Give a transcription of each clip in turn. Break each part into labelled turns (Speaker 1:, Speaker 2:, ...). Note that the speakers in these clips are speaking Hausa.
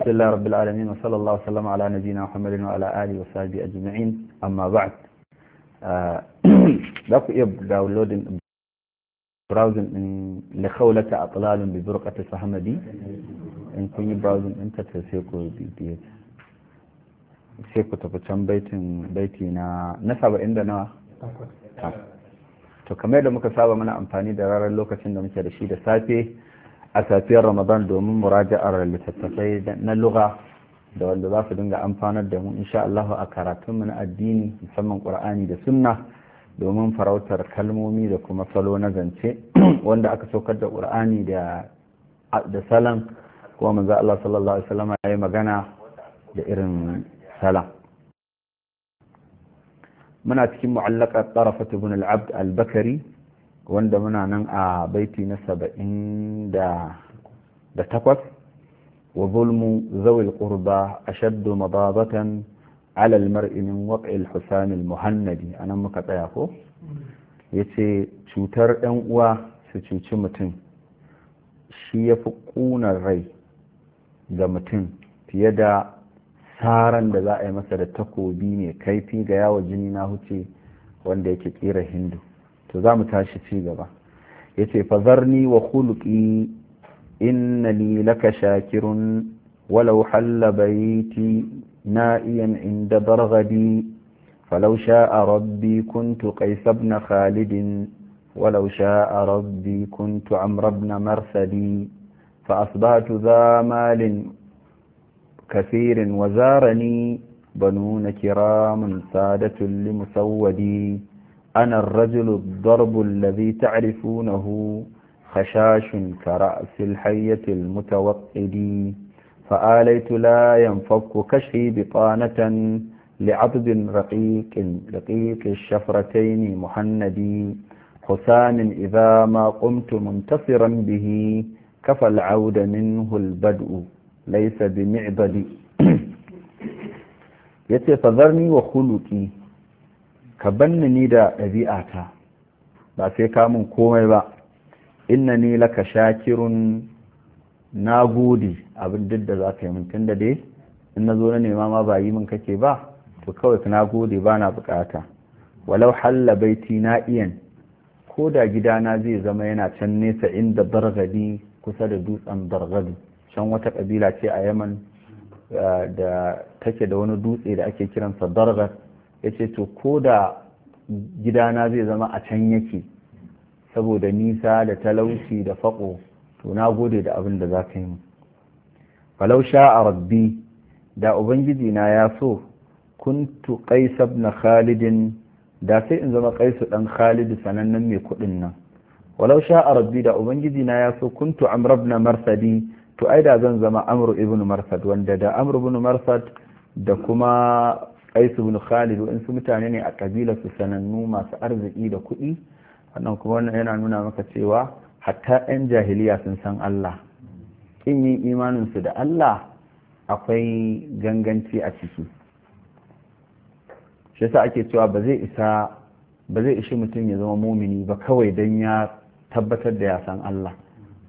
Speaker 1: بسم الله رب العالمين وصلى الله وسلم على نبينا محمد وعلى آله وصحبه أجمعين أما بعد ذاك يب داونلود براوزن لخولة أطلال ببرقة صحمدي إن كوني براوزن أنت تسيكو بيت سيكو تبتشان بيت بيتنا نسبة عندنا to kamar da muka saba muna amfani da ranar lokacin da muke da shi da safe a safiyar ramadan domin muraja'ar littattafai na lugha da wanda za su dinga amfanar da mu insha Allah a karatunmu na addini musamman qur'ani da sunna domin farautar kalmomi da kuma salo na zance wanda aka saukar da qur'ani da da salam kuma manzo Allah sallallahu alaihi wasallam ya magana da irin salam muna cikin mu'allaqat tarafat ibn al-abd al-bakari wanda muna nan a baiti na saba'in da takwas wa zulmu zawil qurba ashaddu madabatan ala almar'i min waq'il Muhannadi a anan muka tsaya ko yace cutar ɗan uwa su cuci mutum shi ya fi ƙunar rai ga mutum fiye da saran da za a yi masa da takobi ne kaifi ga yawo jini na huce wanda yake tsira hindu to za mu tashi ci gaba ya ce fazarni wa khuluqi innani laka shakirun walau halla bayti na'iyan inda barghadi falau sha'a rabbi kuntu qais ibn khalid ولو شاء ربي كنت عمرو بن مرثدي فأصبحت ذا مال كثير وزارني بنون كرام سادة لمسودي أنا الرجل الضرب الذي تعرفونه خشاش كرأس الحية المتوقد فآليت لا ينفك كشفي بطانة لعضد رقيق رقيق الشفرتين محندي حسان إذا ما قمت منتصرا به كفى العود منه البدء ليس بمعبدي يتفذرني وخلقي ka banni ni da ɗabi'ata ba sai ka mun komai ba inna ni laka shakirun na gode abin duk da za ka yi min tunda dai in na zo na nema ma ba yi min kake ba to kawai na gode ba na bukata walau halla baiti na iyan ko da gidana zai zama yana can nesa inda bargadi kusa da dutsen bargadi can wata kabila ce a yaman eh, da take da wani dutse da ake kiransa bargad ya ce to ko da gidana zai zama a can yake saboda nisa da talauci da faƙo to na gode da abin da za ka yi falau sha a rabbi da ubangiji na ya so kuntu qaisab na khalidin da sai in zama kaisu dan Khalidu sanannen mai kuɗin nan walau sha a rabbi da ubangiji na ya so kuntu amr na marsadi to ai da zan zama amru ibn marsad wanda da amru ibn marsad da kuma kaisu bin khalid in su mutane ne a kabilar su sanannu masu arziki da kuɗi wannan kuma wannan yana nuna maka cewa hatta 'yan jahiliya sun san Allah kin yi imanin su da Allah akwai ganganci a ciki shi yasa ake cewa ba zai isa ba zai ishi mutum ya zama mumini ba kawai don ya tabbatar da ya san Allah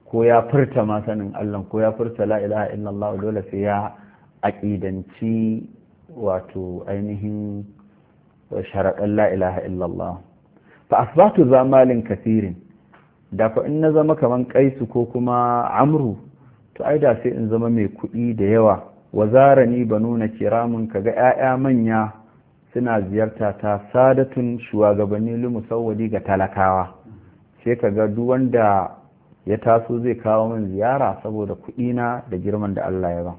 Speaker 1: ko ya furta ma sanin Allah ko ya furta la ilaha illallah dole sai ya aƙidanci. wato ainihin sharaɗan la ilaha illallah fa asbatu za malin kasirin da fa in na zama kaman kaisu ko kuma amru to ai da sai in zama mai kuɗi da yawa wazara ni ba nuna kiramun kaga 'ya'ya manya suna ziyarta ta sadatun shugabanni limusawwadi ga talakawa sai kaga duk wanda ya taso zai kawo min ziyara saboda kuɗina da girman da Allah ya ba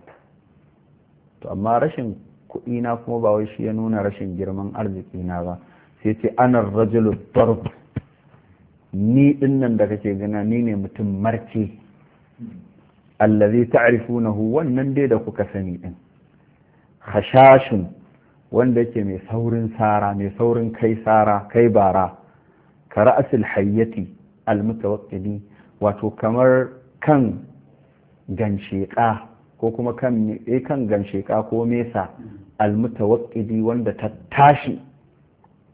Speaker 1: to amma rashin kuɗi na kuma ba wai shi ya nuna rashin girman arziki na ba sai ce ana rajulu darb ni dinnan da kake gana ni ne mutum marke allazi ta'rifunahu wannan dai da kuka sani din khashashun wanda yake mai saurin sara mai saurin kai sara kai bara ka ra'asil hayyati almutawakkili wato kamar kan gansheƙa ko kuma kan eh, kan gansheƙa ko mesa almutawakkidi wanda ta tashi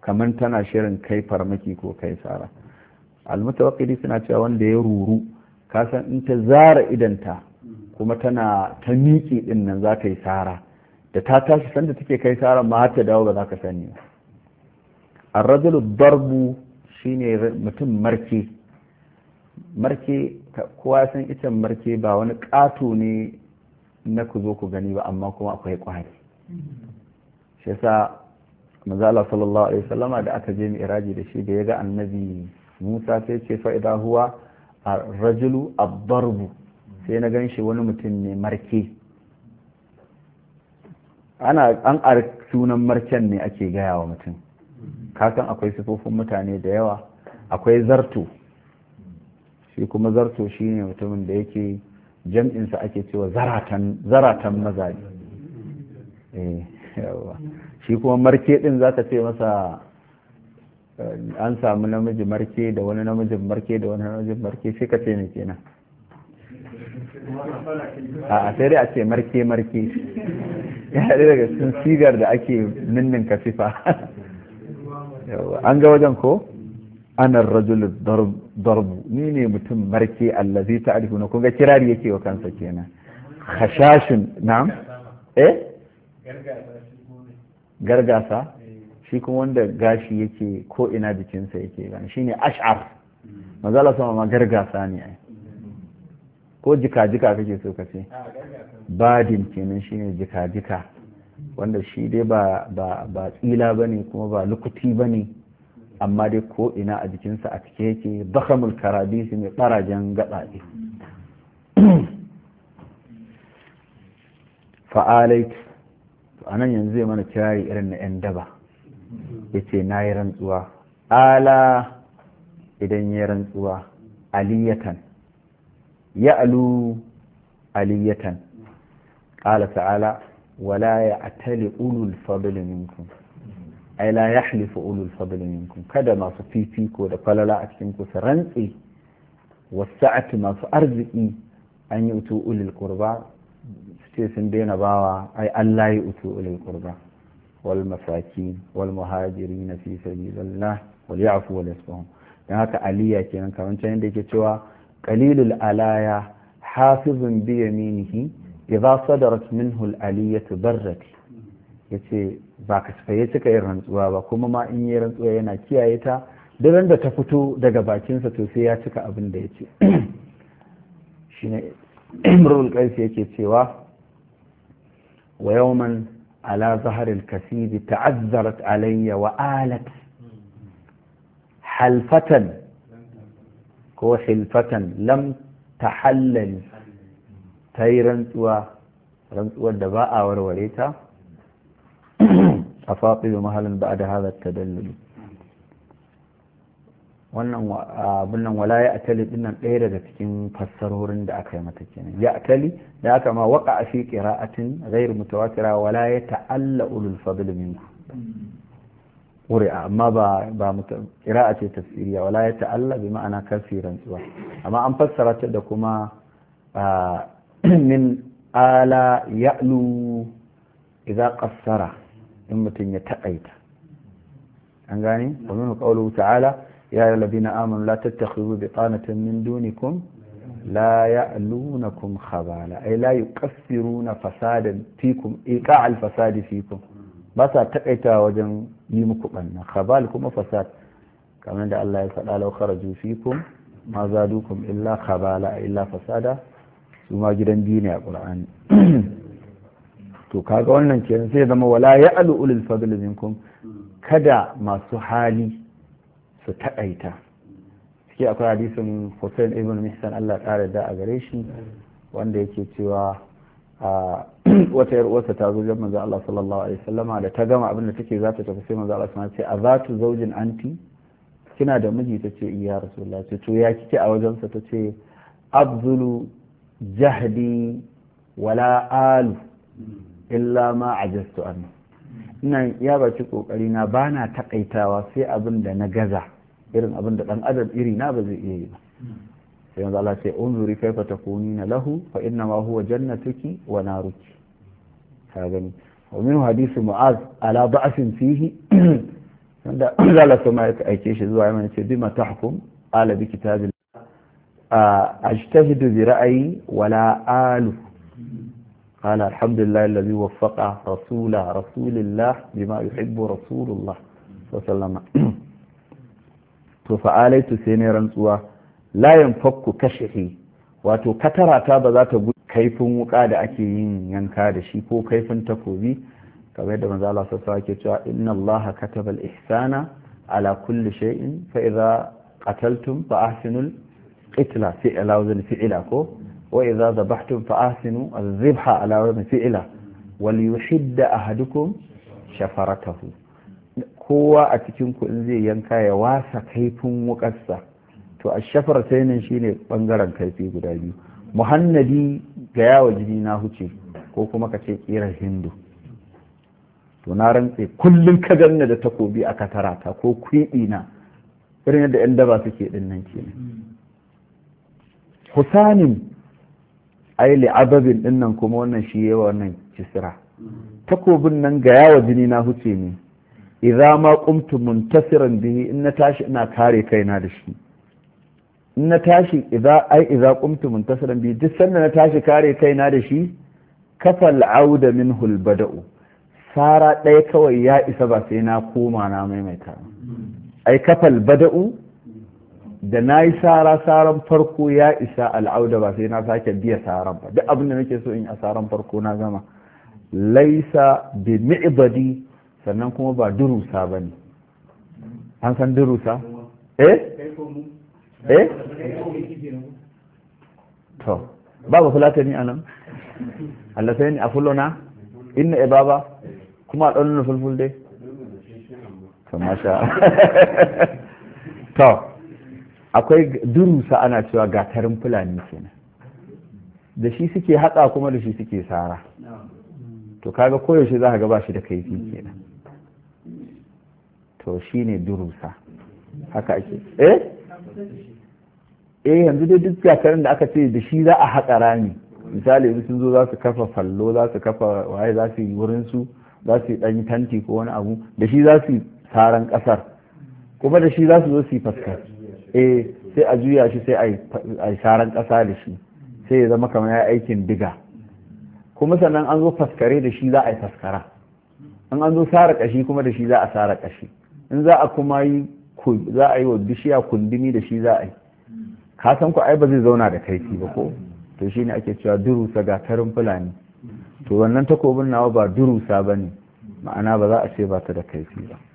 Speaker 1: kamar tana shirin kai farmaki ko kai sara almutawakkidi suna cewa wanda ya ruru kasan in ta zara idanta kuma tana ta miƙi din nan za ta yi tsara, da ta tashi sanda take kai tsara ma ta dawo ba za ka sani arrajulu darbu shine mutum marke marke kowa san icen marke ba wani ƙato ne na ku zo ku gani ba amma kuma akwai ƙwari shi sa manzala sallallahu alaihi wasallama da aka je mi'raji da shi da ya ga annabi Musa sai ce fa idza huwa ar-rajulu ad sai na ganshi wani mutum ne marke ana an sunan marken ne ake gaya wa mutum kasan akwai sifofin mutane da yawa akwai zarto shi kuma zarto shine mutumin da yake jam'insa ake cewa zaratan zaratan mazaje Eh, shi kuma marke din ka ce masa eh, an samu namiji marke da wani namijin marke da wani namijin marke sai ka ce ne kenan a sai dai a ce marke marke ya haɗu daga cikin sigar da ake ninnin kasifa an ga wajen ko ana rajul darbu ni ne mutum marke allazi arifu na kunga kirari yake wa kansa kenan khashashun na'am eh gargasa eh. shi kuma wanda gashi yake ko ina jikinsa yake gani shine ash'ar mazala sama ma gargasa ne ai ko jika-jika kake so ka ce ah, badin kenan shine jika-jika wanda shi dai ba ba ba tsila kuma ba lukuti bane amma dai ko ina a jikinsa a cike yake bakhamul karabisi mai barajen gabaɗe hmm. Fa'alai. to anan yanzu zai mana kirari irin na 'yan daba yace ce na yi rantsuwa ala idan ya rantsuwa aliyatan ya alu aliyatan ƙala ta'ala wala ya atali ulul fadlin minkum ai la yahlifu ulul fadlin minkum kada masu fifiko da falala a cikin ku su wasu wasa'ati masu arziki an yi utu ulul qurba ce sun daina bawa ai Allah ya utu ulil qurba wal masakin wal muhajirin fi sabilillah wal ya'fu wal yasfahu dan haka aliya kenan kamar can yadda yake cewa qalilul alaya hafizun bi yaminihi idza sadarat minhu al aliyatu barrat yace ba ka tsaye suka yi rantsuwa ba kuma ma in yi rantsuwa yana kiyaye ta duk da ta fito daga bakinsa to sai ya cika abin da ya ce shine imrul qais yake cewa wa yawman ala zahr al ta'azzarat alayya wa alat halfatan ko hilfatan lam tahallal ta yi rantsuwa rantsuwar da ba a warware ta a faɗi da mahalin ba a da hada ta dallali wannan abin nan wala ya atali din nan ɗaya daga cikin fassarorin da aka yi mata kenan ya atali da aka ma waka a fi qira'atin ghairu mutawatira wala ya ta'alla ulul fadl minku ƙuri'a amma ba ba qira'a ce tafsiriya wala ya ta'alla bi ma'ana kafiran tsuwa amma an fassara ta da kuma min ala ya'lu idza qassara in mutum ya taƙaita an gane wa minhu qawluhu ta'ala يا أيها الذين آمنوا لا تتخذوا بطانة من دونكم لا يألونكم خبالا أي لا يكفرون فسادا فيكم إيقاع الفساد فيكم بس تقيتا وجن يمكم أن خبالكم وفساد كما عند الله يسأل لو خرجوا فيكم ما زادوكم إلا خبالا إلا فسادا ثم جدا دين يا قرآن kaga wannan kenan sai zama wala ya alu ulul fadl minkum kada masu hali su taƙaita suke akwai hadisin hussein ibn mihsan allah ƙara da a gare shi wanda yake cewa wata yar ta zo manzo Allah sallallahu alaihi wasallama da ta gama abin da take za ta tafi sai manzo Allah sallallahu alaihi wasallama ce zaujin anti kina da miji ta tace iya rasulullah ce to ya kike a wajensa ta ce, Abdul jahdi wala alu illa ma ajastu anhu ina ya baci kokari na bana na takaitawa sai abin da na gaza irin abin da dan adam iri na ba zai iya yi ba sai yanzu Allah sai unzuri kaifa takunina lahu fa inna ma huwa jannatuki wa naruki ka gani wa min hadisi mu'az ala ba'sin fihi wanda Allah kuma ya aike shi zuwa yana ce bima tahkum ala bi kitabillah ajtahidu bi ra'ayi wala alu قال الحمد لله الذي وفق رسول رسول الله بما يحب رسول الله صلى الله عليه وسلم فعليت سيني رنسوا لا ينفك كشحي wato katara ta ba za ta gudu kaifin wuka da ake yin yanka da shi ko kaifin takobi kamar yadda manzo Allah sassa ke cewa inna Allah kataba al-ihsana ala kulli shay'in fa idza qataltum fa ahsinul qitla fi alawzin ko wa idza zabahtum fa ahsinu az-zibha ala wajhi fi'la wal yuhidda ahadukum shafaratahu kowa a cikin ku in zai yanka ya wasa kaifin wukarsa to a ashafar sainin shine bangaren kaifi guda biyu muhannadi ga yawa jini na huce ko kuma ka ce kiran hindu to na rantse kullum ka ganna da takobi a katarata ko kwiɗi na irin da 'yan daba suke ɗinnan nan kenan husanin ai li'ababin din nan kuma wannan shi yawa wannan kisra takobin nan ga yawa jini na huce ne idza ma qumtu muntasiran bihi in na tashi ina kare kaina da shi in na tashi idza ai idza qumtu muntasiran bihi duk sanda na tashi kare kaina da shi kafal auda minhu albada'u sara ɗaya kawai ya isa ba sai na koma na maimaita ai kafal bada'u da na yi sara saran farko ya isa al'auda ba sai na sake biya saran ba duk abin da nake so in a saran farko na gama laisa bi mi'badi sannan kuma ba durusa ba ne an san durusa eh eh to babu fulatani anan Allah sai ni a fulona inna eh, baba. kuma a ɗaunin fulfulde? to masha to akwai durusa ana cewa gatarin fulani kenan da shi suke haɗa kuma da shi suke sara to kaga koyaushe za ka gaba shi da kaifi kenan to shi ne durusa haka ake eh eh yanzu dai duk gatarin da aka ce da shi za a haƙa rami misali yanzu sun zo za su kafa fallo za su kafa waye za su yi wurin su za su yi ɗan tanti ko wani abu da shi za su yi saran ƙasar kuma da shi za su zo su yi faskar eh sai a juya shi sai a sharan ƙasa da shi sai ya zama kamar ya aikin diga kuma sannan an zo faskare da shi za a yi faskara in an zo sara ƙashi kuma da shi za a sara ƙashi in za a kuma yi za a yi wa bishiya kundumi da shi za a yi ka san ku ai ba zai zauna da kaifi ba ko to shi ne ake cewa durusa ga tarin fulani to wannan takobin nawa ba durusa ba ne ma'ana ba za a ce ba ta da kaifi ba